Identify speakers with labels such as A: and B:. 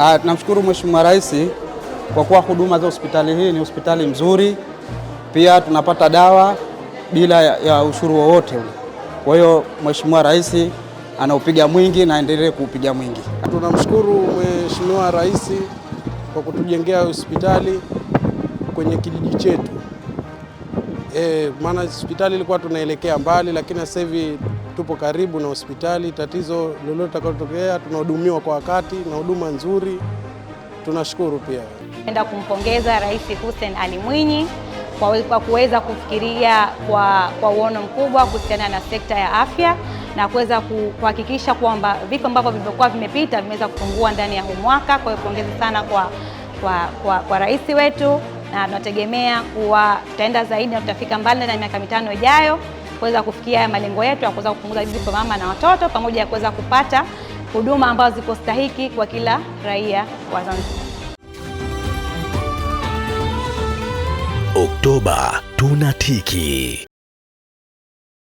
A: Ah, tunamshukuru Mheshimiwa Rais kwa kuwa huduma za hospitali hii ni hospitali mzuri, pia tunapata dawa bila ya, ya ushuru wowote. Kwa hiyo Mheshimiwa Rais anaupiga mwingi na aendelee kuupiga mwingi.
B: Tunamshukuru Mheshimiwa Rais kwa kutujengea hospitali kwenye kijiji chetu e, maana hospitali ilikuwa tunaelekea mbali, lakini sasa hivi tupo karibu na hospitali. Tatizo lolote takalotokea, tunahudumiwa kwa wakati na huduma nzuri. Tunashukuru pia
C: enda kumpongeza Rais Hussein Ali Mwinyi kwa kuweza kufikiria kwa, kwa uono mkubwa kuhusiana na sekta ya afya na kuweza kuhakikisha kwamba vifo ambavyo vilivyokuwa vimepita vimeweza kupungua ndani ya huu mwaka. Kwa hiyo pongezi sana kwa, kwa, kwa, kwa rais wetu na tunategemea kuwa tutaenda zaidi na tutafika mbali ndani ya miaka mitano ijayo kuweza kufikia malengo yetu ya kuweza kupunguza vifo vya mama na watoto pamoja ya kuweza kupata huduma ambazo ziko stahiki kwa kila raia wa Zanzibar. Oktoba tunatiki.